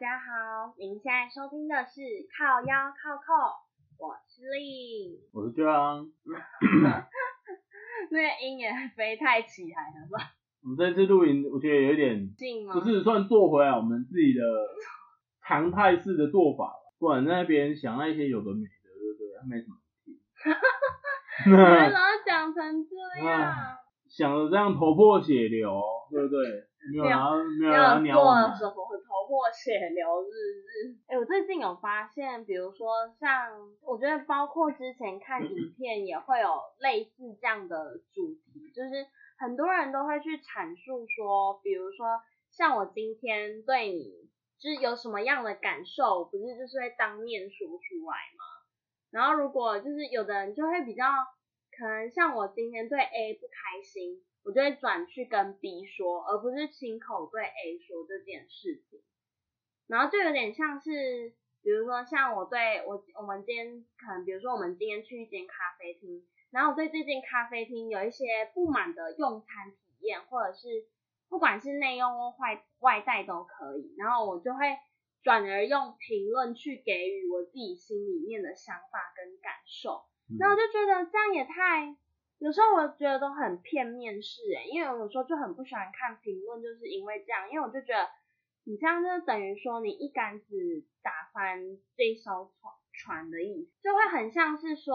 大家好，您現在收聽的是靠腰靠扣，我是力，我是江 。那個音也飛太起來了吧？我們這次錄影，我覺得有點近嗎？不是，算做回來我們自己的常態式的做法，不然在那邊想那些有的沒的，對不對？沒什麼意義。哈哈哈哈怎麼想成這樣？想着這樣頭破血流，對不對？ 要要做什麼、啊、頭破血流日日？哎、欸，我最近有發現，比如說像，我覺得包括之前看影片也會有類似這樣的主題， 就是很多人都會去闡述說，比如說像我今天對你就是有什麼樣的感受，不是就是會當面說出來嗎？然後如果就是有的人就會比較，可能像我今天對 A 不開心。我就會轉去跟 B 說，而不是親口對 A 說這件事情。然後就有點像是，比如說像我對我我們今天可能，比如說我們今天去一間咖啡廳，然後我對這間咖啡廳有一些不滿的用餐體驗，或者是不管是內用或外外帶都可以，然後我就會轉而用評論去給予我自己心裡面的想法跟感受。那我、嗯、就覺得這樣也太。有時候我覺得都很片面式、欸、因為我有時候就很不喜歡看評論，就是因為這樣，因為我就覺得你這樣就等於說你一竿子打翻這艘船船的意思，就會很像是說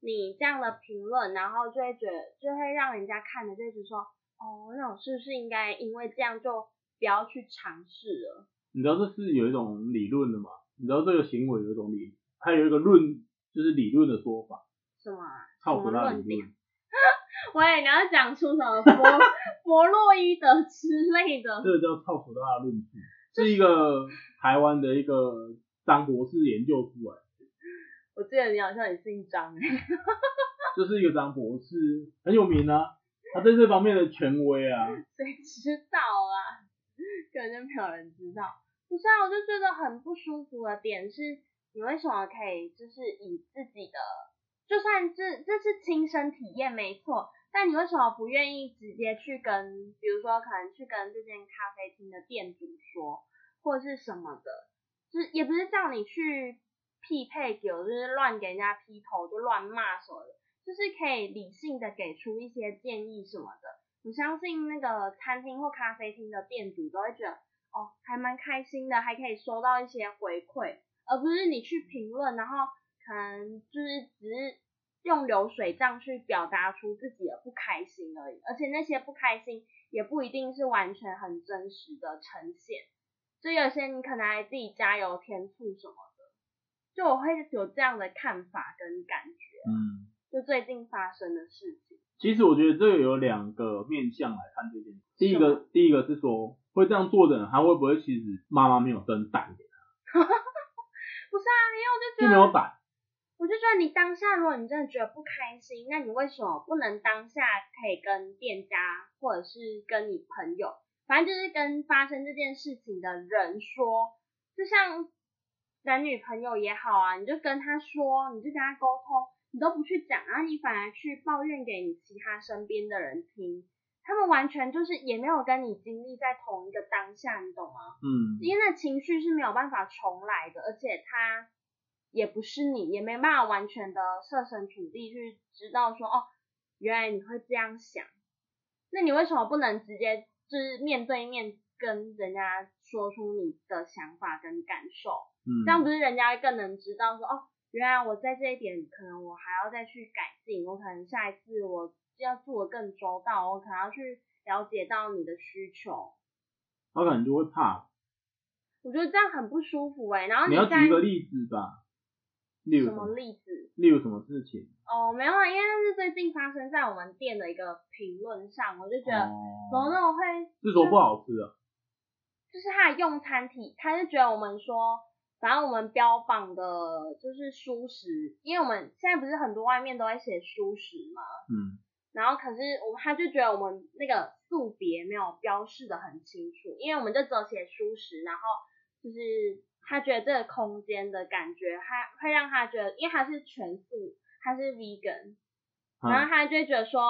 你這樣的評論，然後就會覺得就會讓人家看的就一直說，哦，那種是不是應該因為這樣就不要去嘗試了？你知道這是有一種理論的嗎？你知道這個行為有一種理，還有一個論就是理論的說法，什麼、啊？靠不到理論。 喂，你要講出什麼？佛佛洛伊德之類的？這個叫靠譜的論述，是一個台灣的一個張博士研究出來。我記得你好像也姓張， 就是一個張博士，很有名啊，他在這方面的權威啊。誰 知道啦，根本就沒有人知道。不是啊，我就覺得很不舒服的點是，你為什麼可以就是以自己的？就算是，這是親身體驗沒錯，但你為什麼不願意直接去跟，比如說可能去跟這間咖啡廳的店主說，或是什麼的，就是也不是叫你去匹配酒，就是亂給人家劈頭就亂罵什麼的，就是可以理性的給出一些建議什麼的。我相信那個餐廳或咖啡廳的店主都會覺得，哦，還蠻開心的，還可以收到一些回饋，而不是你去評論、嗯、然後。嗯，就是只是用流水賬去表達出自己的不開心而已，而且那些不開心也不一定是完全很真實的呈現，所以有些你可能還自己加油添醋什麼的，就我會有這樣的看法跟感覺啊，嗯，就最近發生的事情，其實我覺得這有兩個面向來看這件事情，第一個嗎第一個是說，會這樣做的人，他會不會其實媽媽沒有燈膽 不是啊，你就這你沒有我就沒有打。我就說，你當下，如果你真的覺得不開心，那你為什麼不能當下可以跟店家，或者是跟你朋友，反正就是跟發生這件事情的人說，就像男女朋友也好啊，你就跟他說，你就跟他溝通，你都不去講啊，你反而去抱怨給你其他身邊的人聽，他們完全就是也沒有跟你經歷在同一個當下，你懂嗎？嗯，因為那情緒是沒有辦法重來的，而且他。也不是，你也沒辦法完全的設身處地去知道說哦，原來你會這樣想，那你為什麼不能直接就是面對面跟人家說出你的想法跟感受？嗯，這樣不是人家更能知道說哦，原來我在這一點可能我還要再去改進，我可能下一次我要做得更周到，我可能要去了解到你的需求。他可能就會怕，我覺得這樣很不舒服哎、欸。然後你，你要舉個例子吧。例如什麼什麼例子？例如什麼事情？哦，oh, 沒有，因為那是最近發生在我們店的一個評論上，我就覺得、oh, 怎麼那麼會是說不好吃啊就，就是他的用餐體，他就覺得我們說，反正我們標榜的就是蔬食，因為我們現在不是很多外面都在寫蔬食嘛。嗯，然後可是我他就覺得我們那個素別沒有標示的很清楚，因為我們就只有寫蔬食，然後就是。他覺得這個空間的感覺，他會讓他覺得，因為他是全素，他是 vegan，、嗯、然後他就會覺得說，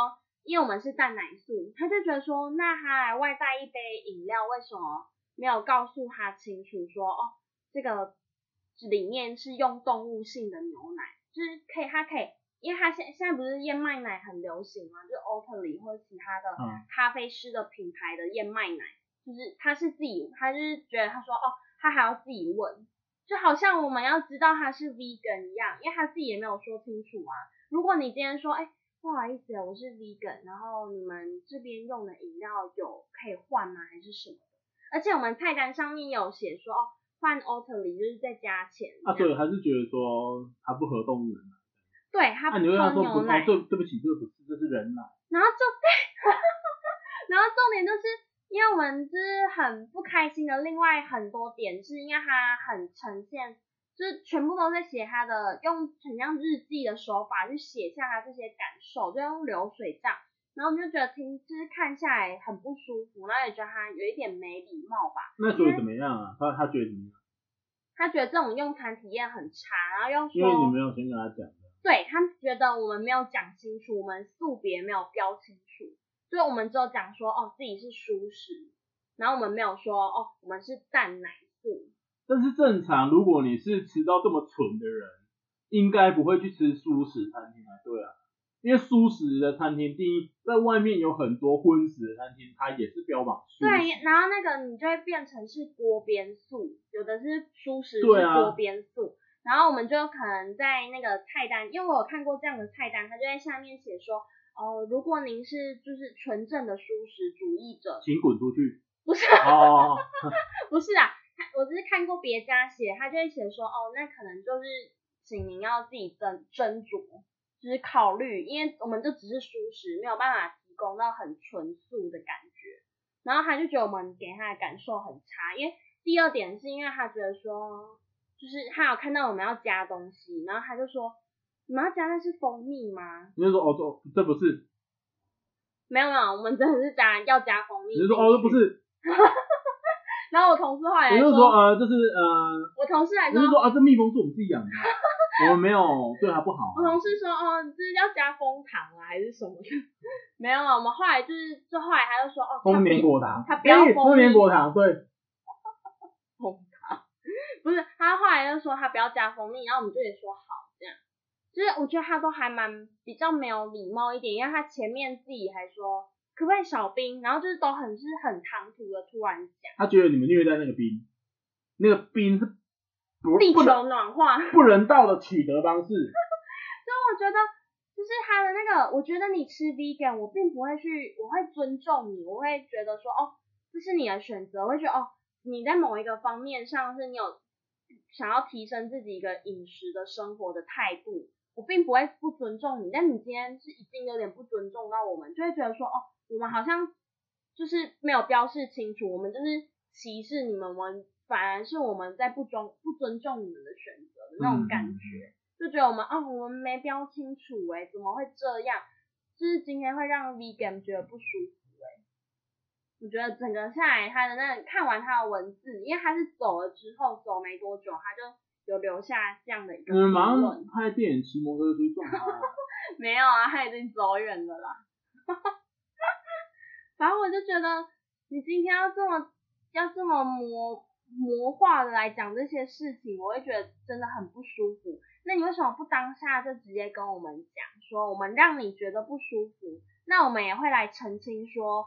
因為我們是蛋奶素，他就覺得說，那他來外帶一杯飲料，為什麼沒有告訴他清楚說，哦，這個裡面是用動物性的牛奶，就是可以，他可以，因為他現現在不是燕麥奶很流行嘛，就 Oatly 或其他的咖啡師的品牌的燕麥奶，嗯、就是他是自己，他就是覺得他說，哦。他還要自己問，就好像我們要知道他是 vegan 一樣，因為他自己也沒有說清楚啊。如果你今天說，哎、欸，不好意思，我是 vegan，然後你們這邊用的飲料有可以換嗎？還是什麼的？而且我們菜單上面有寫說，哦，換 Oatly 就是在加錢。啊，對，還是覺得說他不喝動物奶，啊。對他。啊、你跟他說不喝，哦，對，對不起，這不是，這是人奶。然後就，對 然後重點就是。因為我們就是很不開心的，另外很多點是因為他很呈現，就是全部都在寫他的，用很像日記的手法去寫下他這些感受，就用流水賬，然後我們就覺得聽就是看下來很不舒服，然後也覺得他有一點沒禮貌吧。那所以怎麼樣啊？他他覺得怎麼樣？他覺得這種用餐體驗很差，然後又說因為你沒有先跟他講，對他覺得我們沒有講清楚，我們素別沒有標清楚。所以，我們只有講說，哦，自己是蔬食，然後我們沒有說，哦，我們是蛋奶素。但是正常，如果你是吃到這麼純的人，應該不會去吃素食餐廳啊。對啊，因為素食的餐廳，第一，在外面有很多葷食的餐廳，它也是標榜素。對，然後那個你就會變成是鍋邊素，有的是素食，是鍋邊素。啊，然後我們就可能在那個菜單，因為我有看過這樣的菜單，它就在下面寫說。哦，如果您是就是純正的蔬食主義者，請滾出去。不是，不是啊，我只是看過別家寫，他就會寫說，哦，那可能就是，請您要自己斟斟酌，就是考慮，因為我們就只是蔬食，沒有辦法提供到很純素的感覺。然後他就覺得我們給他的感受很差，因為第二點是因為他覺得說，就是他有看到我們要加東西，然後他就說。你們要加的是蜂蜜嗎？你是說哦哦，這不是？沒有沒有，我們真的是加要加蜂蜜。你是說哦，這不是？ 然後我同事後來，來說，也就說呃，就是呃，我同事來說，他說啊，這蜜蜂是我們自己養的， 我們沒有對它不好。啊。我同事說哦，這是要加蜂糖啊還是什麼？ 沒有啦，我們後來就是就後來他就說哦，蜂綿果糖，他不要蜂綿果糖，對。 蜂糖，不是他後來就說他不要加蜂蜜，然後我們就得說好。就是我覺得他都還蠻比較沒有禮貌一點，因為他前面自己還說可不可以少冰，然後就是都很是很唐突的突然講。他覺得你們虐待那個冰，那個冰是地球暖化不人道的取得方式。所以 我覺得就是他的那個，我覺得你吃 vegan 我並不會去，我會尊重你，我會覺得說哦，這是你的選擇，我會覺得哦，你在某一個方面上是你有想要提升自己一個飲食的生活的態度。我並不會不尊重你，但你今天是已經有點不尊重到我們，就會覺得說哦，我們好像就是沒有標示清楚，我們就是歧視你們，我們反而是我們在不尊不尊重你們的選擇的那種感覺，嗯、就覺得我們啊、哦，我們沒標清楚、欸，哎，怎麼會這樣？就是今天會讓 V Game 覺得不舒服、欸，哎，我覺得整個下來他的那看完他的文字，因為他是走了之後走沒多久，他就。有留下這樣的一個結論。馬上拍電影騎摩托車撞他？ 沒有啊，他已經走遠了啦。反 正我就覺得你今天要這麼要這麼魔魔化的來講這些事情，我會覺得真的很不舒服。那你為什麼不當下就直接跟我們講說，我們讓你覺得不舒服，那我們也會來澄清說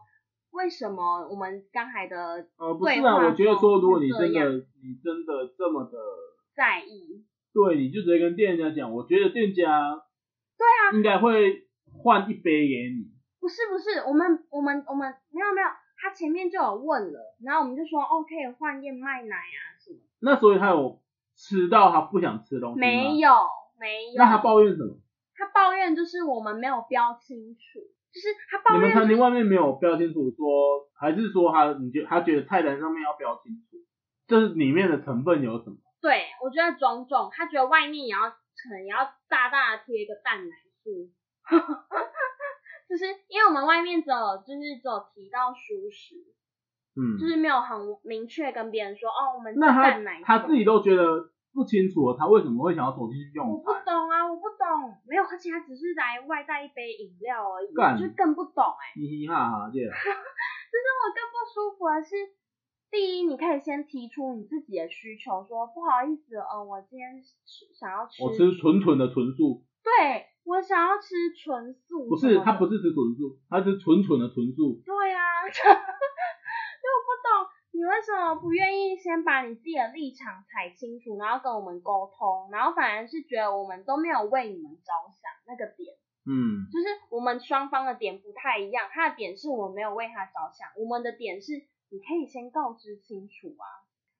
為什麼我們剛才的呃，不是啊？我覺得說，如果你真的你真的這麼的。在意，對，你就直接跟店家講，我覺得店家，對啊，應該會換一杯給你。啊，不是不是，我們我們我們沒有沒有，他前面就有問了，然後我們就說，OK，哦，換燕麥奶啊什麼。那所以他有吃到他不想吃的東西嗎？沒有沒有。沒有，那他抱怨什麼？他抱怨就是我們沒有標清楚，就是他抱怨你們餐廳外面沒有標清楚說，還是說他你覺他覺得菜單上面要標清楚，就是裡面的成分有什麼？對，我覺得種種他覺得外面也要，可能也要大大的貼一個蛋奶素，就 是因為我們外面只有，就是只有提到蔬食，嗯，就是沒有很明確跟別人說哦，我們蛋奶素。那他他自己都覺得不清楚了，他為什麼會想要走進去用餐？我不懂啊，我不懂，沒有，而且他只是來外帶一杯飲料而已，干我就更不懂哎，你嘻哈哈，這，就是我更不舒服的是。第一，你可以先提出你自己的需求，說不好意思，嗯、哦，我今天想要吃，我吃純純的純素。對，我想要吃純素，不是他不是吃純素，他是純純的純素。對啊， 就我不懂你為什麼不願意先把你自己的立場踩清楚，然後跟我們溝通，然後反而是覺得我們都沒有為你們着想那個點，嗯，就是我們雙方的點不太一樣，他的點是我沒有為他着想，我們的點是。你可以先告知清楚啊，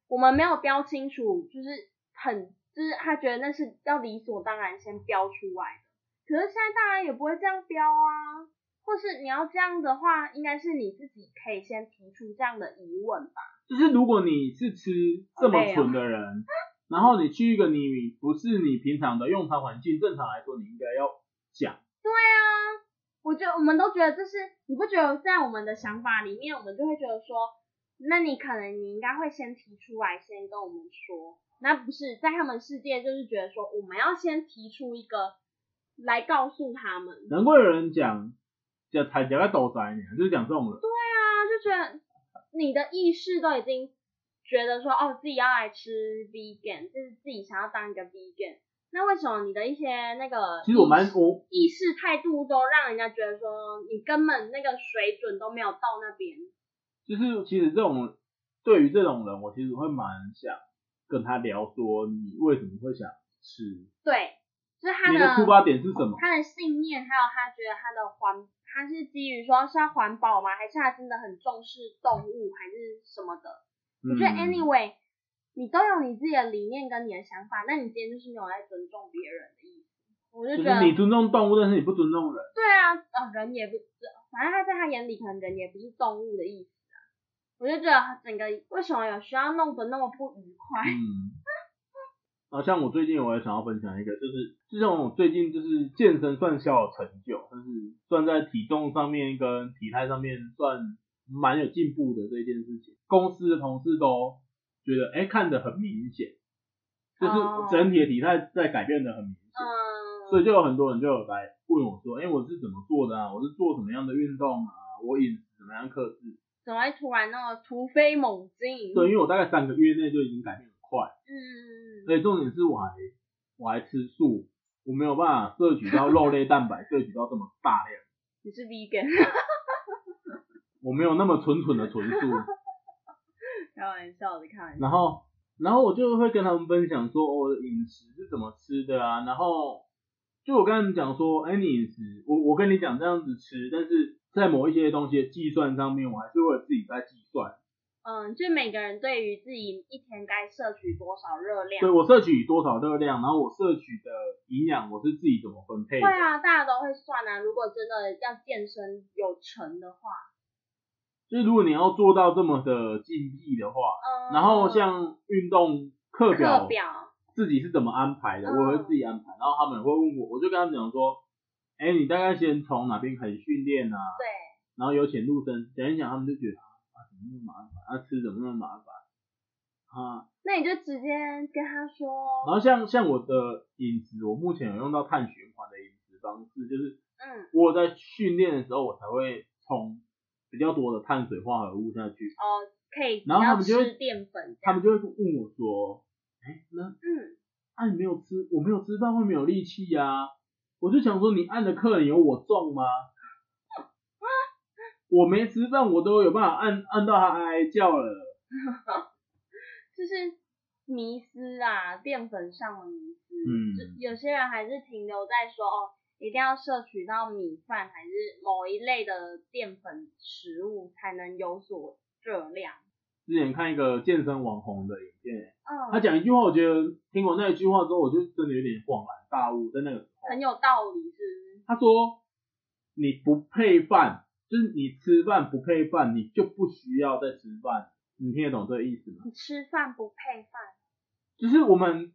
我們沒有標清楚，就是很，就是他覺得那是要理所當然先標出來的。可是現在大家也不會這樣標啊，或是你要這樣的話，應該是你自己可以先提出這樣的疑問吧。就是如果你是吃這麼蠢的人，oh, yeah. 然後你去一個你不是你平常的用餐環境，正常來說你應該要講。對啊，我覺得我們都覺得這是，你不覺得在我們的想法裡面，我們就會覺得說。那你可能你應該會先提出來，先跟我們說。那不是在他們世界，就是覺得說我們要先提出一個來告訴他們。難怪有人講講台腳在抖災，就是講這種的。對啊，就覺得你的意識都已經覺得說哦，自己要來吃 vegan，就是自己想要當一個 vegan。那為什麼你的一些那個，其實我蠻多意識態度都讓人家覺得說你根本那個水準都沒有到那邊。就是其實這種對於這種人，我其實會蠻想跟他聊，說你為什麼會想吃？對，就是他的出發點是什麼？他的信念，還有他覺得他的環，他是基於說是要環保嗎？還是他真的很重視動物，還是什麼的？嗯，我覺得 anyway，你都有你自己的理念跟你的想法，那你今天就是沒有在尊重別人的意思。我就覺得就你尊重動物，但是你不尊重人。對啊，啊、呃，人也不，反正他在他眼裡可能人也不是動物的意思。我就覺得整個為什麼有需要弄得那麼不愉快？嗯，好像我最近我也想要分享一個，就是就像我最近就是健身算小有成就，但是算在體重上面跟體態上面算蠻有進步的這件事情，公司的同事都覺得哎，看得很明顯，就是整體的體態在改變的很明顯。哦，嗯，所以就有很多人就有來問我說，哎，我是怎麼做的啊？我是做什麼樣的運動啊？我飲食怎麼樣克制？怎麼會突然那麼突飛猛進？對，因為我大概三個月內就已經改變很快。嗯，所以重點是我還我還吃素，我沒有辦法攝取到肉類蛋白，攝 取到這麼大量。你是 Vegan，我沒有那麼純純的純素。開玩笑的，開玩笑。然後然後我就會跟他們分享說我的飲食是怎麼吃的啊，然後就我跟他們講說，哎、欸，你飲食，我我跟你講這樣子吃，但是。在某一些東西的計算上面，我還是會自己在計算。嗯，就每個人對於自己一天該攝取多少熱量，對，我攝取多少熱量，然後我攝取的營養我是自己怎麼分配的。對啊，大家都會算啊。如果真的要健身有成的話，就是如果你要做到這麼的競技的話，嗯，然後像運動課表，課表自己是怎麼安排的，嗯，我會自己安排，然後他們也會問我，我就跟他們講說。哎、欸，你大概先從哪邊開始訓練啊？對。然後由淺入深，講一講，他們就覺得啊，怎麼那麼麻煩？啊吃怎麼那麼麻煩？啊？那你就直接跟他說。然後像像我的飲食，我目前有用到碳循環的飲食方式，就是嗯，我在訓練的時候，我才會衝比較多的碳水化合物下去。哦，可以。然後他們就澱粉，他們就會問我說，哎、欸，那嗯、啊，你沒有吃，我沒有吃飯會沒有力氣呀、啊？我就想說，你按的客人有我壯嗎？ 我沒吃飯，我都有辦法按按到他哀叫了。就是迷思啊，澱粉上的迷思。嗯，就有些人還是停留在說，哦，一定要攝取到米飯還是某一類的澱粉食物才能有所熱量。之前看一個健身網紅的影片，oh, 他講一句話，我覺得聽過那一句話之後，我就真的有點恍然大悟，在那個時候很有道理，是。他說：“你不配飯，就是你吃飯不配飯，你就不需要再吃飯。”你聽得懂這個意思嗎？你吃飯不配飯，就是我們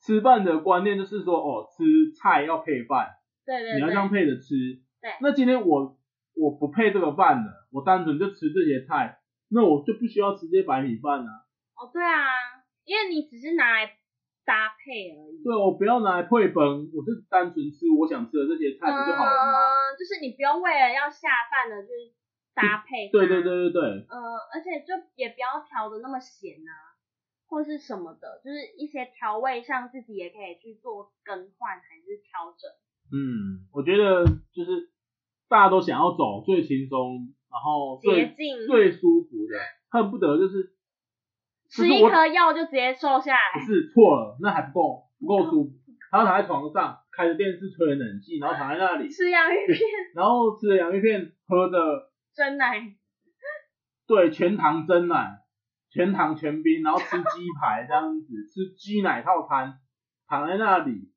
吃飯的觀念就是說，哦，吃菜要配飯，對對，對對，你要這樣配着吃。對，那今天我我不配這個飯了，我單純就吃這些菜。那我就不需要直接白米飯啊。哦，對啊，因為你只是拿來搭配而已。對，我不要拿來配飯，我是單純吃我想吃的這些菜，不就好了嗎？嗯？就是你不用為了要下飯的，就是搭配對。對對對對對。嗯、呃，而且就也不要調的那麼鹹啊，或是什麼的，就是一些調味上自己也可以去做更換還是調整。嗯，我覺得就是大家都想要走最輕鬆。然後最信最舒服的，恨不得就是、就是、吃一顆藥就直接瘦下來，不是，錯了，那還不夠不夠舒服。他躺在床上，開着電視，吹着冷氣，然後躺在那裡吃洋芋片，然後吃了洋芋片，喝着珍奶，對，全糖珍奶，全糖全冰，然後吃雞排這樣子， 吃雞奶套餐，躺在那裡，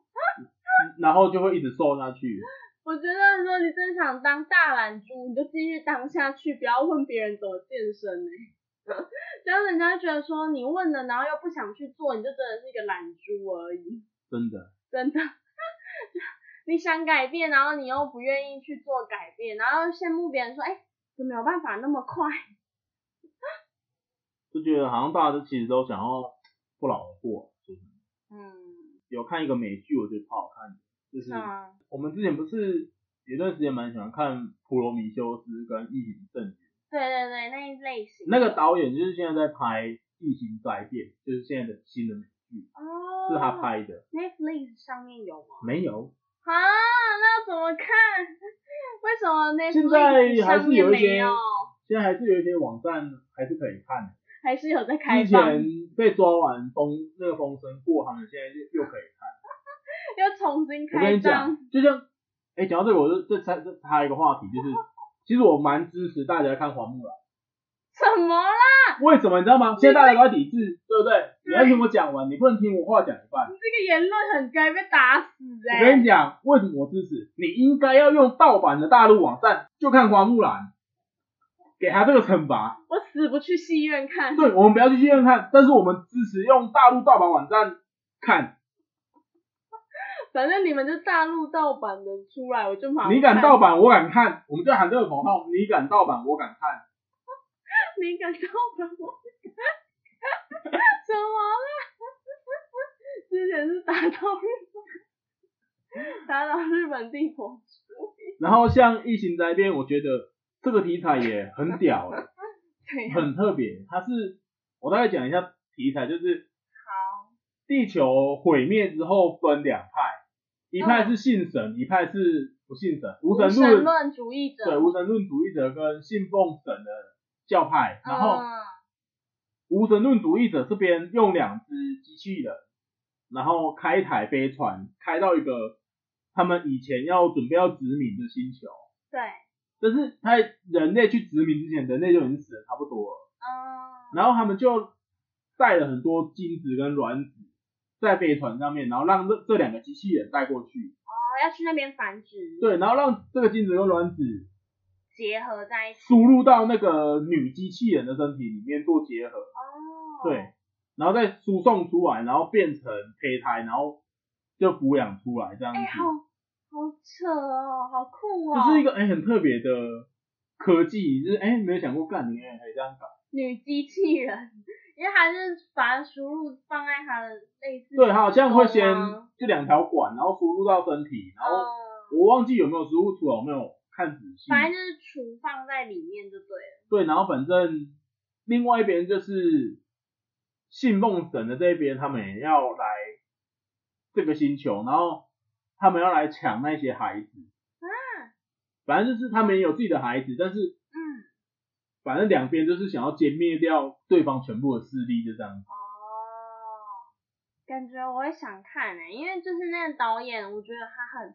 然後就會一直瘦下去。我覺得你說你真想當大懶豬，你就繼續當下去，不要問別人怎麼健身呢、欸。只要人家覺得說你問了，然後又不想去做，你就真的是一個懶豬而已。真的。真的。你想改變，然後你又不願意去做改變，然後羨慕別人說哎，就、欸、怎麼有辦法那麼快。就覺得好像大家其實都想要不勞而獲，就是。嗯。有看一個美劇，我覺得超好看的。就是，啊、我們之前不是有段時間蠻喜歡看《普羅米修斯跟疫情政治》跟《異形》正劇，對對對，那一類型。那個導演就是現在在拍《異形：災變》，就是現在的新的美劇，哦、是他拍的。那 Netflix 上面有嗎？沒有。啊，那怎麼看？為什麼 Netflix 現在還是有一上面沒有？現在還是有一些網站還是可以看的，還是有在開。之前被抓完風，那個風聲過行，他們現在就又可以看。要重新開張，我跟你講，就像，哎、欸，講到這個，我就這才這還有一個話題，就是 其實我蠻支持大家看蘭《花木蘭》。什麼啦？為什麼你知道嗎？這現在大家都在抵制，對不對？對你要聽我講完，你不能聽我話講一半。你這個言論很該被打死哎、欸！我跟你講，為什麼我支持？你應該要用盜版的大陸網站，就看《花木蘭》，給他這個懲罰。我死不去戲院看。對，我們不要去戲院看，但是我們支持用大陸盜版網站看。反正你們就大陸盜版的出來，我就馬上。你敢盜版我敢，我敢看。我們就喊這個口號：嗯、你敢盜版，我敢看。你敢盜版，我敢。 什麼啦？ 之前是打倒日， 打倒日本帝國主義。然後像《異形災變》，我覺得這個題材也很屌、欸， 很特別。它是我大概講一下題材，就是好，地球毀滅之後分兩派。一派是信神，一派是不信神，無神論。無神論主義者。對，無神論主義者跟信奉神的教派。然後、嗯、無神論主義者這邊用兩只機器人，然後開一台飛船，開到一個他們以前要準備要殖民的星球。對。但是在人類去殖民之前，人類就已經死的差不多了。嗯、然後他們就帶了很多精子跟卵子。在飛船上面，然後讓這這兩個機器人帶過去。哦，要去那邊繁殖。對，然後讓這個精子跟卵子結合在一起，輸入到那個女機器人的身體裡面做結合。哦。對，然後再輸送出來，然後變成胚胎，然後就撫養出來這樣子。哎、欸，好好扯哦，好酷哦，這是一個哎、欸、很特別的科技，就是哎、欸、沒有想過幹你也可以這樣搞。女機器人。因為他是把輸入放在他的類似的，對他好像會先就兩條管，然後輸入到身體，然後我忘記有沒有輸入出來，我，沒有看仔細。反正就是儲放在裡面就對了。對，然後反正另外一邊就是，信奉神的這一邊，他們也要來這個星球，然後他們要來搶那些孩子。嗯、啊，反正就是他們有自己的孩子，但是。反正兩邊就是想要殲滅掉對方全部的勢力，就這樣哦，感覺我也想看誒、欸，因為就是那個導演，我覺得他很，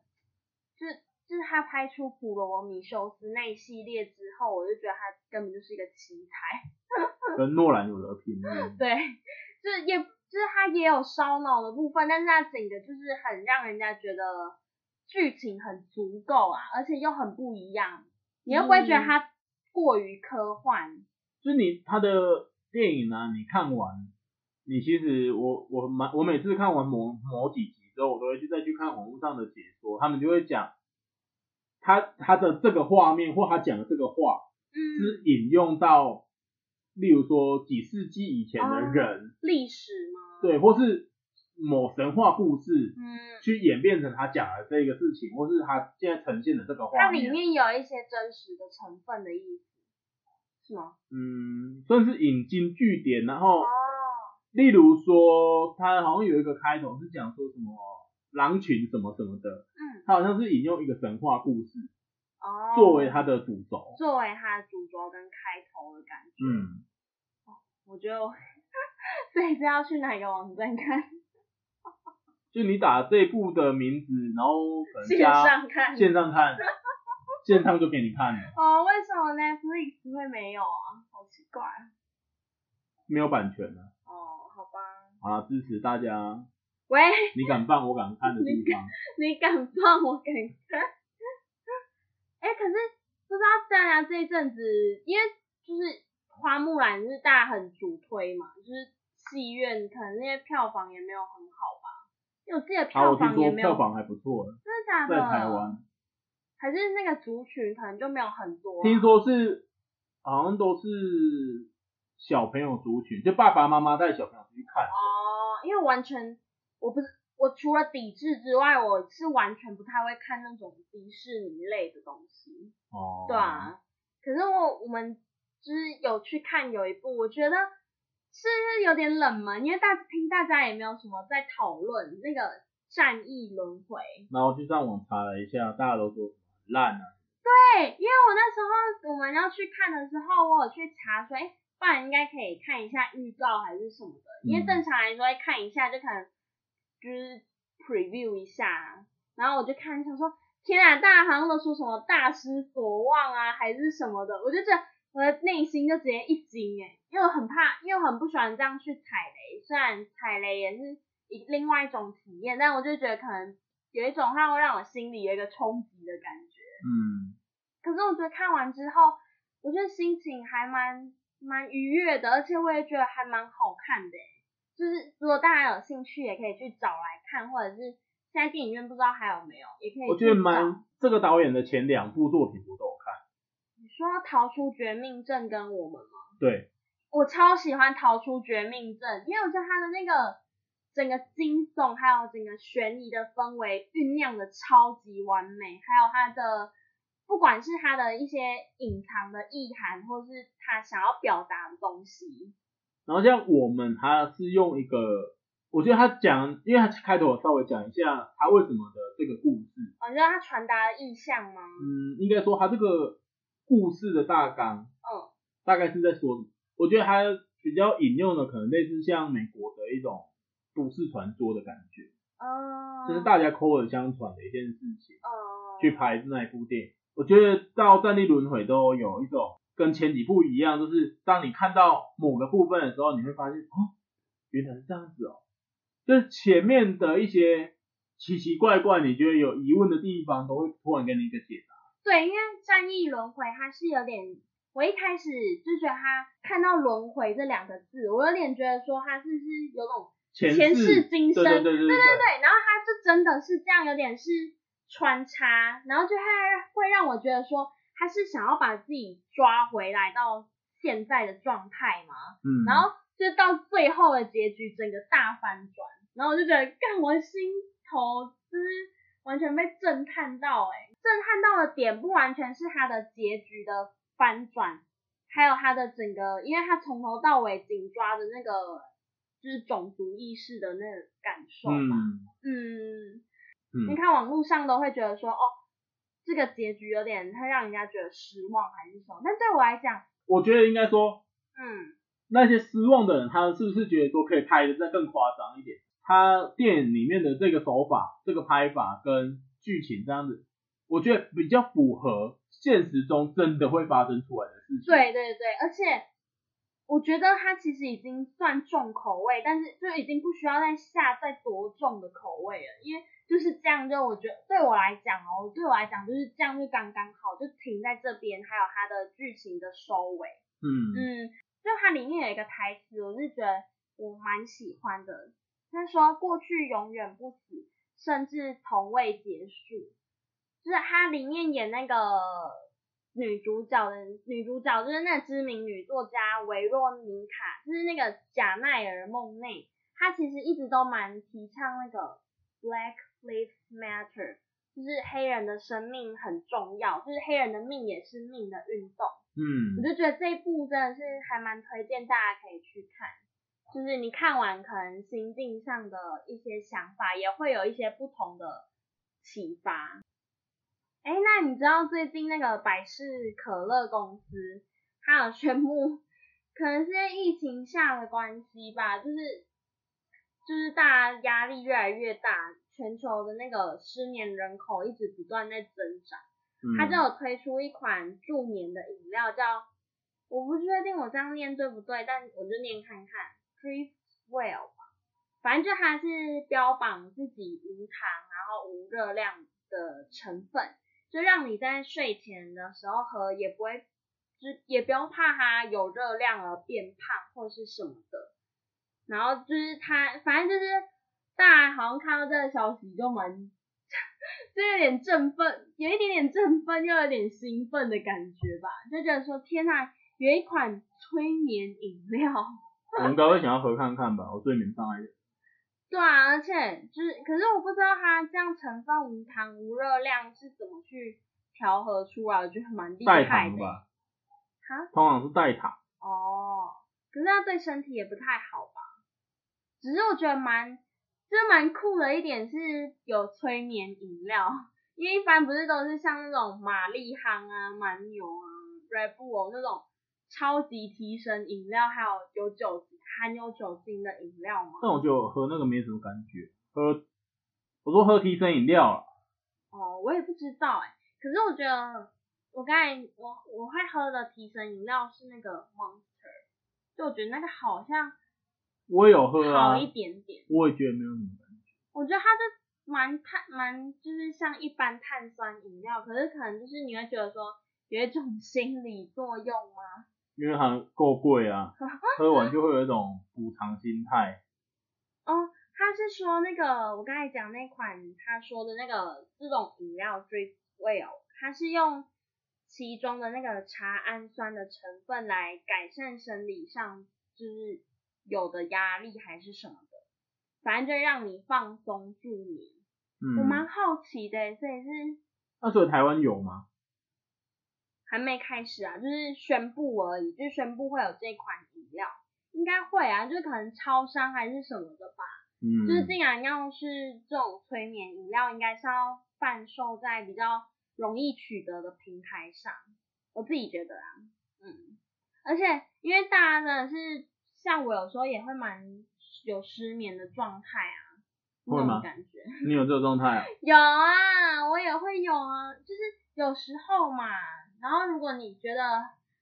就是就是他拍出《普羅米修斯》那一系列之後，我就覺得他根本就是一個奇才。跟諾蘭有得拼。 對，就是也就是他也有燒腦的部分，但是他整個就是很讓人家覺得劇情很足夠啊，而且又很不一樣，你會不會覺得他？嗯過於科幻，所以你他的電影呢、啊？你看完，你其實我我蠻我每次看完某某幾集之後，我都會去再去看網絡上的解說，他們就會講他他的這個畫面或他講的這個話，嗯、是引用到例如說幾世紀以前的人、啊、歷史嗎？對，或是某神話故事，嗯，去演變成他講的這個事情，或是他現在呈現的這個畫面，它裡面有一些真實的成分的意思。是嗎？嗯，算是引經據典，然後，哦、例如說，他好像有一個開頭是講說什麼狼群什麼什麼的，嗯，他好像是引用一個神話故事，嗯、哦，作為他的主軸，作為他的主軸跟開頭的感覺，嗯，我覺得我，所以這要去哪個網站看？就你打這部的名字，然後線上看，線上看。現在他們就給你看了。哦，為什麼 Netflix 會沒有啊？好奇怪啊。沒有版權啊。哦，好吧。好，支持大家啊。喂。你敢放我敢看的地方。你敢，你敢放我敢看。哎，可是不知道大家這一陣子，因為就是花木蘭就是大家很主推嘛，就是戲院可能那些票房也沒有很好吧。因為我記得票房也沒有。啊，我聽說票房還不錯啊。真的假的？在台灣。還是那個族群可能就沒有很多啊。聽說是，好像都是小朋友族群，就爸爸媽媽帶小朋友去看。哦，因為完全，我不是，我除了抵制之外，我是完全不太會看那種迪士尼類的東西。哦，對啊。可是我我們就是有去看有一部，我覺得是有點冷門，因為大聽大家也沒有什麼在討論那個戰役《善意輪回》。然後去上網查了一下，大家都說。爛了，啊、對，因為我那時候我們要去看的時候，我有去查說，哎，不然應該可以看一下預告還是什麼的，嗯、因為正常來說看一下就可能就是 preview 一下，然後我就看一下說，天啊，大家好像都說什麼大失所望啊，還是什麼的，我就覺得我的內心就直接一驚，欸，哎，因為我很怕，因為我很不喜歡這樣去踩雷，雖然踩雷也是另外一種體驗，但我就覺得可能有一種話會讓我心裡有一個衝擊的感覺。嗯，可是我覺得看完之後，我覺得心情還蠻蠻愉悅的，而且我也覺得還蠻好看的。就是如果大家有興趣，也可以去找來看，或者是現在電影院不知道還有沒有，也可以。我覺得蠻這個導演的前兩部作品我都看。你說《逃出絕命鎮》跟我們嗎？對，我超喜歡《逃出絕命鎮》，因為我覺得他的那個。整個驚悚還有整個懸疑的氛圍醞釀的超級完美，還有他的不管是他的一些隱藏的意涵，或是他想要表達的東西。然後像我們，他是用一個，我覺得他講，因為他開頭我稍微講一下他為什麼的這個故事。哦，你知道他傳達的意象嗎？嗯，應該說他這個故事的大綱，嗯，大概是在說，我覺得他比較引用的可能類似像美國的一種。都市傳說的感覺，哦，就是大家口耳相傳的一件事情，哦，去拍那一部電影，我覺得到《戰地輪回》都有一種跟前幾部一樣，就是當你看到某個部分的時候，你會發現哦，原來是這樣子哦，就是前面的一些奇奇怪怪、你覺得有疑問的地方，都會突然給你一個解答。對，因為《戰地輪回》它是有點，我一開始就覺得它看到“輪回”這兩個字，我有點覺得說它是不是有種。前世，前世今生，對對對，對，對，對，對，對，對，然後他就真的是這樣，有點是穿插，然後就他會讓我覺得說他是想要把自己抓回來到現在的狀態嘛，嗯，然後就到最後的結局整個大翻轉，然後我就覺得，幹，我心頭是完全被震撼到，欸，哎，震撼到的點不完全是他的結局的翻轉，還有他的整個，因為他從頭到尾緊抓的那個。就是種族意識的那種感受吧，嗯，嗯，你看網絡上都會覺得說，嗯、哦，這個結局有點太讓人家覺得失望，還是什麼？但對我來講，我覺得應該說，嗯，那些失望的人，他是不是覺得說可以拍得再更誇張一點？他電影裡面的這個手法、這個拍法跟劇情這樣子，我覺得比較符合現實中真的會發生出來的事情。對對對，而且。我覺得它其實已經算重口味，但是就已經不需要再下再多重的口味了，因為就是這樣。就我覺得對我來講哦，對我來講就是這樣就剛剛好，就停在這邊。還有它的劇情的收尾，嗯嗯，就它裡面有一個台詞，我是覺得我蠻喜歡的，他說，過去永遠不死，甚至從未結束。就是他裡面演那個。女主角的女主角就是那知名女作家維若妮卡，就是那個賈奈爾·夢內，她其實一直都蠻提倡那個 Black Lives Matter，就是黑人的生命很重要，就是黑人的命也是命的運動。嗯，我就覺得這一部真的是還蠻推薦大家可以去看，就是你看完可能心境上的一些想法也會有一些不同的啟發。哎、欸，那你知道最近那個百事可樂公司，它有宣布，可能是因為疫情下的關係吧，就是就是大家壓力越來越大，全球的那個失眠人口一直不斷在增長，嗯、它就有推出一款助眠的飲料叫，叫我不確定我這樣念對不對，但我就念看看，Driftwell 吧，反正就它是標榜自己無糖，然後無熱量的成分。就讓你在睡前的時候喝，也不會，就也不用怕它有熱量而變胖或是什麼的。然後就是它，反正就是大家好像看到這個消息就蠻，就有點振奮，有一點點振奮又有點興奮的感覺吧，就覺得說天吶、啊，有一款催眠飲料。我們都會想要喝看看吧，我睡大一點。對啊，而且就是，可是我不知道它這樣成分無糖無熱量是怎麼去調和出來的，就蠻厲害的。代糖吧？啊蛤？通常是代糖。哦。可是它對身體也不太好吧？只是我覺得蠻，就是蠻酷的一點是有催眠飲料，因為一般不是都是像那種馬力夯啊、蠻牛啊、Red Bull、哦、那種超級提神飲料，還有有酒精。含有酒精的飲料嗎？那我覺得我喝那個沒什麼感覺，喝，我都喝提神飲料了。哦，我也不知道哎、欸，可是我覺得我剛才我我會喝的提神飲料是那個 Monster，就我覺得那個好像我有喝，好一點點我、啊，我也覺得沒有什麼感覺。我覺得它就蠻碳蠻就是像一般碳酸飲料，可是可能就是你會覺得說有一種心理作用嗎、啊？因為它夠貴啊，喝完就會有一種補償心態。 哦，他是說那個我剛才講那款，他說的那個這種飲料，Drink Well，它是用其中的那個茶氨酸的成分來改善生理上就是有的壓力還是什麼的，反正就讓你放鬆、助眠。嗯，我蠻好奇的，所以是，那、啊、所以台灣有嗎？還沒開始啊，就是宣布而已，就宣布會有這款飲料，應該會啊，就是可能超商還是什麼的吧。嗯，就是既然要是這種催眠飲料，應該是要販售在比較容易取得的平台上。我自己覺得啊，嗯，而且因為大家呢，是像我有時候也會蠻有失眠的狀態啊，會嗎？感覺你有這個狀態啊？ 有啊，我也會有啊，就是有時候嘛。然後，如果你覺得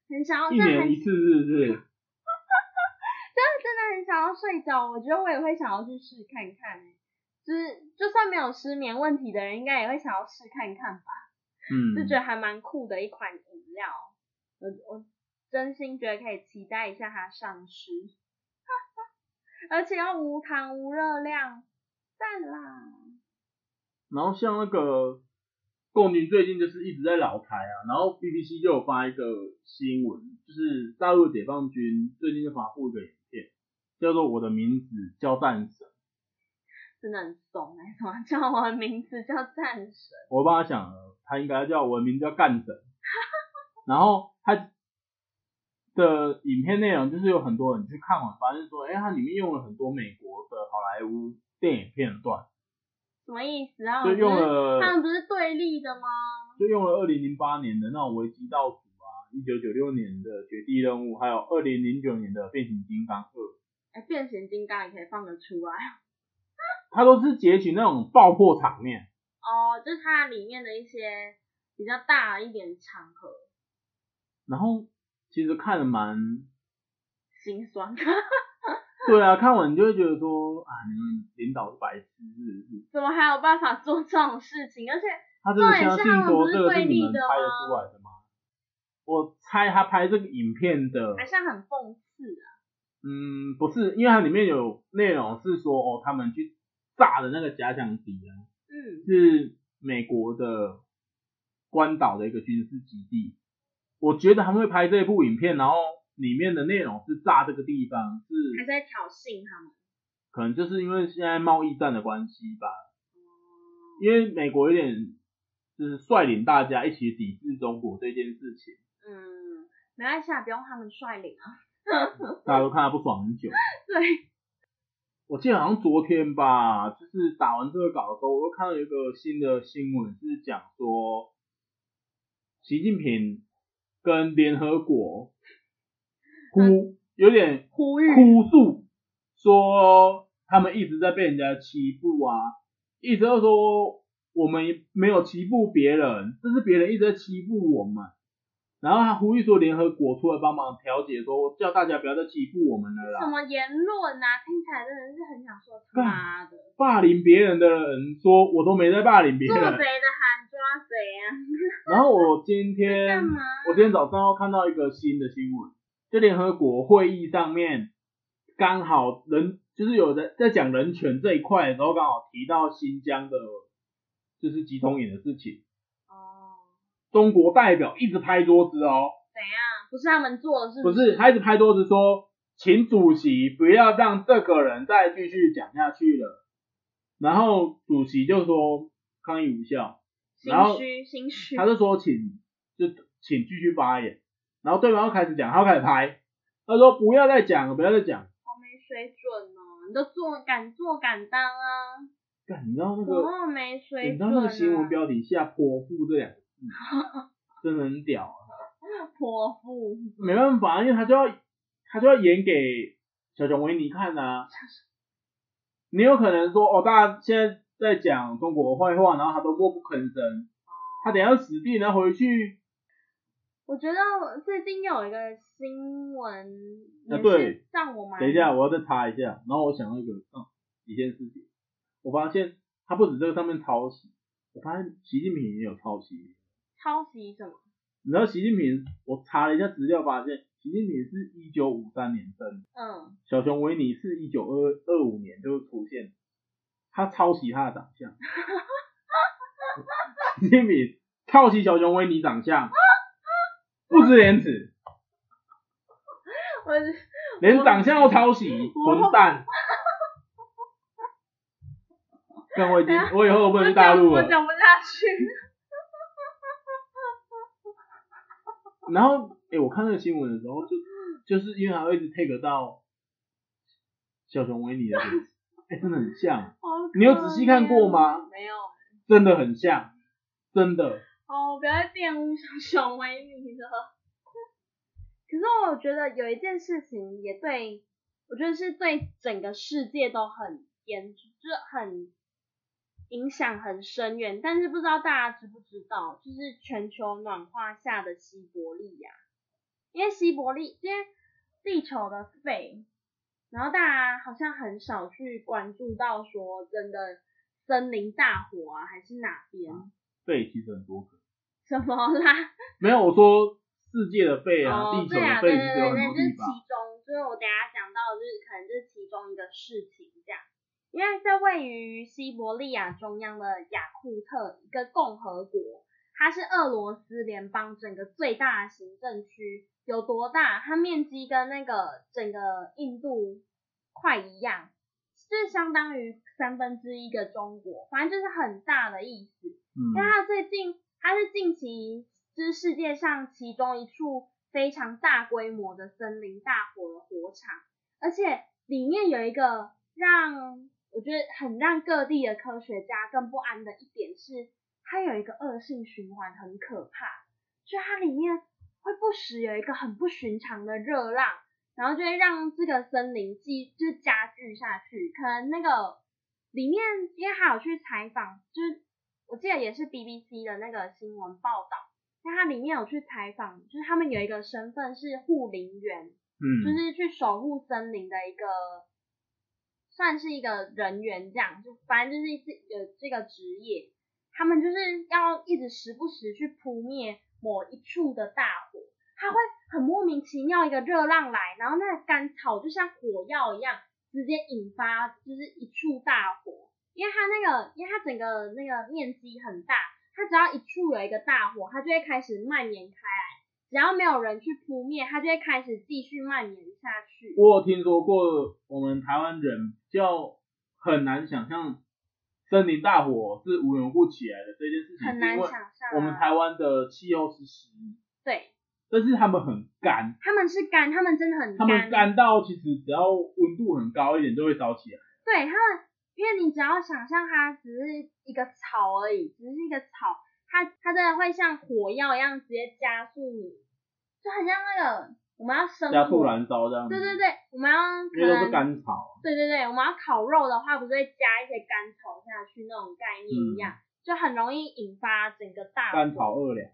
很想要很，一年一次是不是？哈哈，真的真的很想要睡着。我覺得我也會想要去試看看、欸，就是就算沒有失眠問題的人，應該也會想要試看看吧。嗯，就覺得還蠻酷的一款飲料。我我真心覺得可以期待一下它上市，哈哈，而且要無糖無熱量，讚啦。然後像那個。共軍最近就是一直在老台啊，然後 BBC 就有發一個新聞，就是大陸解放軍最近就發布一個影片，叫做“我的名字叫戰神”，真的很慫哎，怎麼叫我的名字叫戰神？我幫他想了，他應該叫我的名字叫乾神。 然後他的影片內容就是有很多人去看嘛，發現說，哎，它裡面用了很多美國的好萊塢電影片段。什麼意思啊？他們，就用了他們不是對立的嗎？就用了二零零八年的那種危機倒數啊，一九九六年的絕地任務，還有二零零九年的變形金剛二。哎、欸，變形金剛也可以放得出來。他 都是截取那種爆破場面。哦，就是它裡面的一些比較大一點的場合。然後其實看酸的蠻心酸的。 對啊，看完你就會覺得說啊，你們領導是白痴，是不是？怎麼還有辦法做這種事情？而且他真的相信說這個是你們拍的出來的嗎？我猜他拍這個影片的，還是很諷刺啊。嗯，不是，因為它裡面有內容是說哦，他們去炸的那個假想敵啊，嗯，是美國的關島的一個軍事基地。我覺得他們會拍這部影片，然後。裡面的內容是炸這個地方，是還在挑釁他們？可能就是因為現在貿易戰的關係吧。嗯，因為美國有點就是率領大家一起抵制中國這件事情。嗯，沒關係，不用他們率領啊。 大家都看他不爽很久。對，我記得好像昨天吧，就是打完這個稿的時候，我又看到一個新的新聞，就是講說習近平跟聯合國。哭，有點哭訴，說他們一直在被人家欺負啊，一直要說我們沒有欺負別人，這是別人一直在欺負我們。然後他呼籲說，聯合國出來幫忙調解說，說叫大家不要再欺負我們了啦。什麼言論啊？聽起來真的人是很想說，他媽的，霸凌別人的人，說我都沒在霸凌別人。做賊的喊抓賊啊！ 然後我今天，我今天早上又看到一個新的新聞。就聯合國會議上面，剛好人就是有人在講人權這一塊的時候，剛好提到新疆的，就是集中營的事情。哦。中國代表一直拍桌子哦。怎樣？不是他們做的是不是？不是，他一直拍桌子說：“請主席不要讓這個人再繼續講下去了。”然後主席就說：“抗議無效。心虛”然後他就說請：“請就請繼續發言。”然後對方又開始講，他要開始拍。他說不要再講，不要再講。好沒水準哦、喔！你都做敢做敢當啊！對，你知道那個什麼沒水準、啊、你知道那個新聞標題下潑婦這兩個字、嗯，真的很屌啊！潑婦沒辦法，因為他就要他就要演給小熊維尼看啊，你有可能說哦，大家現在在講中國的壞話，然後他都默不吭聲。他等下死定了，然後回去。我覺得最近有一個新聞，啊對，上我買等一下，我要再查一下，然後我想到一個嗯，幾件事情。我發現他不止這個上面抄襲，我發現習近平也有抄襲。抄襲什麼？你知道習近平，我查了一下資料，發現習近平是一九五三年生的，嗯，小熊維尼是一九二二五年就出現，他抄襲他的長相， 嗯、習近平抄襲小熊維尼長相。不知廉恥，我連長相都抄襲，混我蛋！哈我，我已經，我以後我不能去大陸了。我講不下去。 然後，哎、欸，我看那個新聞的時候，就就是因為他一直 take 到小熊維尼的，哎、欸，真的很像。你有仔細看過嗎？沒有。沒有。真的很像，真的。哦，不要再玷污小熊維尼了。可是我覺得有一件事情也對，我覺得是對整個世界都很嚴，就是很影響很深遠。但是不知道大家知不知道，就是全球暖化下的西伯利亞、啊，因為西伯利因為地球的肺，然後大家好像很少去關注到說真的森林大火啊，還是哪邊？肺、啊、其實很多可。怎麼啦？沒有，我說世界的廢啊，哦、地球廢啊，輩對，對對對，那是其中，所以我等下想到的就是可能這是其中一個事情這樣，因為這位於西伯利亞中央的雅庫特一個共和國，它是俄羅斯聯邦整個最大行政區，有多大？它面積跟那個整個印度快一樣，就相當於三分之一一個中國，反正就是很大的意思，嗯。因為它最近。它是近期，就是世界上其中一處非常大規模的森林大火的火場，而且裡面有一個讓我覺得很讓各地的科學家更不安的一點是，它有一個惡性循環，很可怕，就它裡面會不時有一個很不尋常的熱浪，然後就會讓這個森林繼就加劇下去，可能那個裡面，因為還有去採訪，就是。我記得也是 BBC 的那個新聞報道，那它裡面有去採訪，就是他們有一個身份是護林員，嗯，就是去守護森林的一個，算是一個人員這樣，就反正就是這個這個職業，他們就是要一直時不時去撲滅某一處的大火，他會很莫名其妙一個熱浪來，然後那個乾草就像火藥一樣，直接引發就是一處大火。因為它那個，因為它整個那個面積很大，它只要一處有一個大火，它就會開始蔓延開來。只要沒有人去撲滅，它就會開始繼續蔓延下去。我有聽說過，我們台灣人就很難想象森林大火是無緣無故起來的這件事情。很難想象啊。我們台灣的氣候是濕，對，但是他們很乾，他們是乾，他們真的很乾，他們乾到其實只要溫度很高一點就會燒起來。對他們。因為你只要想象它只是一個草而已，只是一個草，它它真的會像火藥一樣直接加速你，就很像那個我們要生加速燃燒這樣。對對對，我們要可能因為都是乾草。對對對，我們要烤肉的話，不是會加一些乾草下去那種概念一樣，嗯、就很容易引發整個大火。甘草二兩。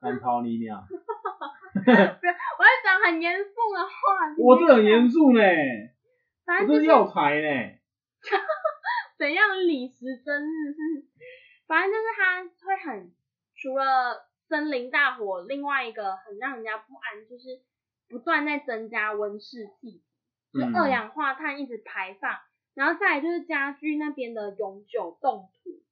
甘 草二兩。 不要，我要講很嚴肅的話。我，嚴肅欸、我這很嚴肅呢，不是藥材呢、欸。 怎樣？李時珍是，反正就是它會很，除了森林大火，另外一個很讓人家不安就是不斷在增加溫室氣體，就二氧化碳一直排放，然後再來就是家居那邊的永久凍土。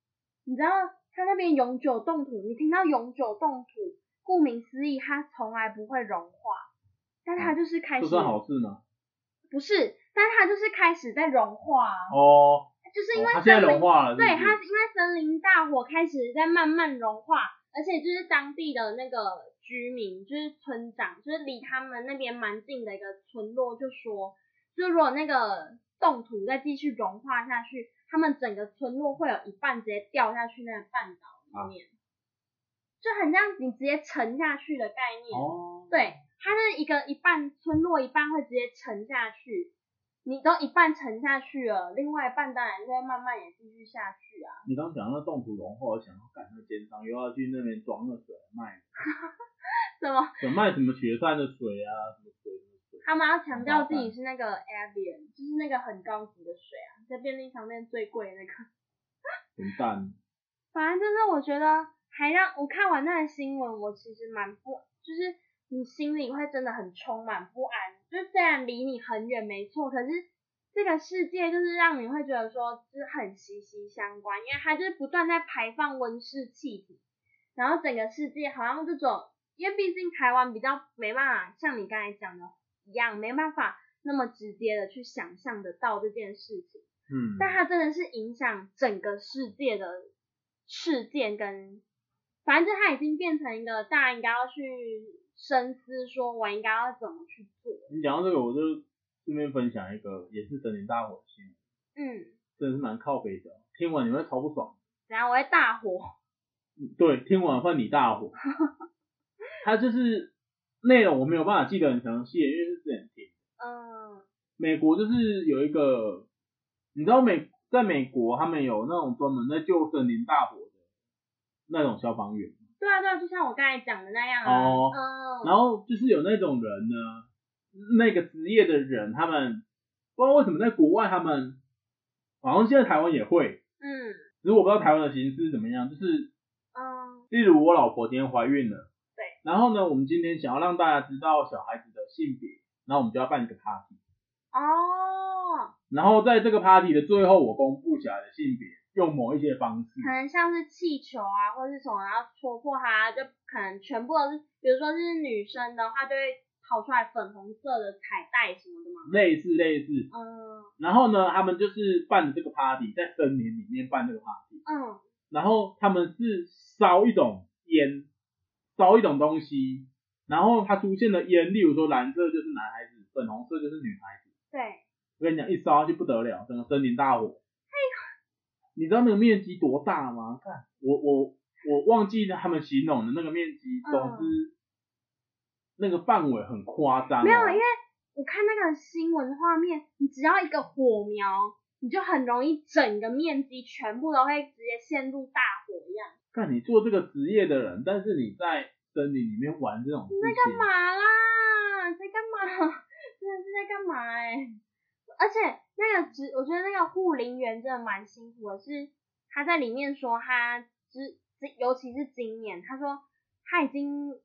你知道它那邊永久凍土，你聽到永久凍土，顧名思義，它從來不會融化，但它就是開始，不是好事呢？不是。但它就是開始在融化哦，就是因為森林，對它因為森林大火開始在慢慢融化，而且就是當地的那個居民，就是村長，就是離他們那邊蠻近的一個村落，就說，就如果那個凍土再繼續融化下去，他們整個村落會有一半直接掉下去那個半島裡面，啊、就很像你直接沉下去的概念，哦、對，它是一個一半村落一半會直接沉下去。你都一半沉下去了，另外一半當然在慢慢也繼續下去啊。你剛剛講那凍土融化我想要幹，那奸商又要去那邊裝了水來賣。什 麼？想賣什麼雪山的水啊？什麼水，水？他們要強調自己是那個 Evian，就是那個很高級的水啊，在便利商店最貴的那個。 很淡！反正就是我覺得，還讓我看完那個新聞，我其實蠻不，就是。你心裡會真的很充滿不安，就雖然離你很遠，沒錯，可是這個世界就是讓你會覺得說是很息息相關，因為它就是不斷在排放溫室氣體，然後整個世界好像這種，因為畢竟台灣比較沒辦法像你剛才講的一樣，沒辦法那麼直接的去想象得到這件事情，嗯，但它真的是影響整個世界的事件跟，反正就它已經變成一個大家應該要去深思說，說我應該要怎麼去做。你講到這個，我就順便分享一個，也是森林大火新聞。嗯。真的是蠻靠北的，聽完你會超不爽。然後我會大火。對，聽完換你大火。 他就是內容我沒有辦法記得很詳細，因為是這兩天。嗯。美國就是有一個，你知道美在美國他們有那種專門在救森林大火的那種消防員。對啊，對啊，就像我剛才講的那樣啊。哦。嗯、然後就是有那種人呢，嗯、那個職業的人，他們不知道為什麼在國外，他們好像現在台灣也會。嗯。只是我不知道台灣的形式是怎麼樣，就是，嗯。例如我老婆今天懷孕了。對。然後呢，我們今天想要讓大家知道小孩子的性別，那我們就要辦一個 party。哦。然後在這個 party 的最後，我公布小孩的性別。用某一些方式，可能像是氣球啊，或者是什麼啊，然後戳破它，就可能全部都是，比如說是女生的話，就會跑出來粉紅色的彩帶什麼的嘛。類似類似，嗯。然後呢，他們就是辦這個 party，在森林裡面辦這個 party，嗯。然後他們是燒一種煙，燒一種東西，然後它出現了煙，例如說藍色就是男孩子，粉紅色就是女孩子，對。我跟你講，一燒就不得了，整個森林大火。你知道那個面積多大嗎？看，我我我忘記了他們形容的那個面積，總之那個範圍很誇張，啊嗯。沒有，因為我看那個新聞畫面，你只要一個火苗，你就很容易整個面積全部都會直接陷入大火一樣。看，你做這個職業的人，但是你在森林裡面玩這種東西。你在幹嘛啦？在幹嘛？這是在幹嘛？欸？哎！而且那個，我覺得那個護林員真的蠻辛苦的。是他在裡面說，他之，尤其是今年，他說他已經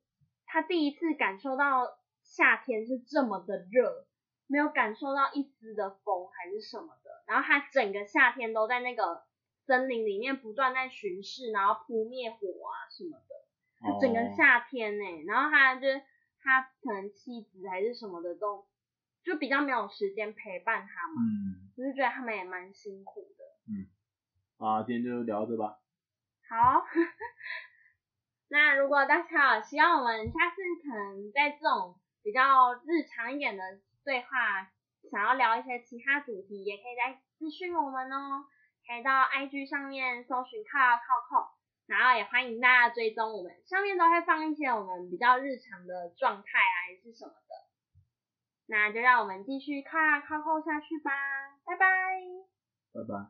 他第一次感受到夏天是這麼的熱，沒有感受到一絲的風還是什麼的。然後他整個夏天都在那個森林裡面不斷在巡視，然後撲滅火啊什麼的。整個夏天哎、欸，然後他就是他可能妻子還是什麼的都。就比較沒有時間陪伴他們，嗯、就是覺得他們也蠻辛苦的。嗯，好、啊，今天就聊着吧。好呵呵，那如果大家希望我們下次可能在這種比較日常一點的對話，想要聊一些其他主題，也可以來諮詢我們哦、喔。可以到 IG 上面搜尋靠呀靠扣，然後也歡迎大家追蹤我們，上面都會放一些我們比較日常的狀態啊，還是什麼的。那就讓我們繼續看、啊、看、看下去吧，拜拜，拜拜。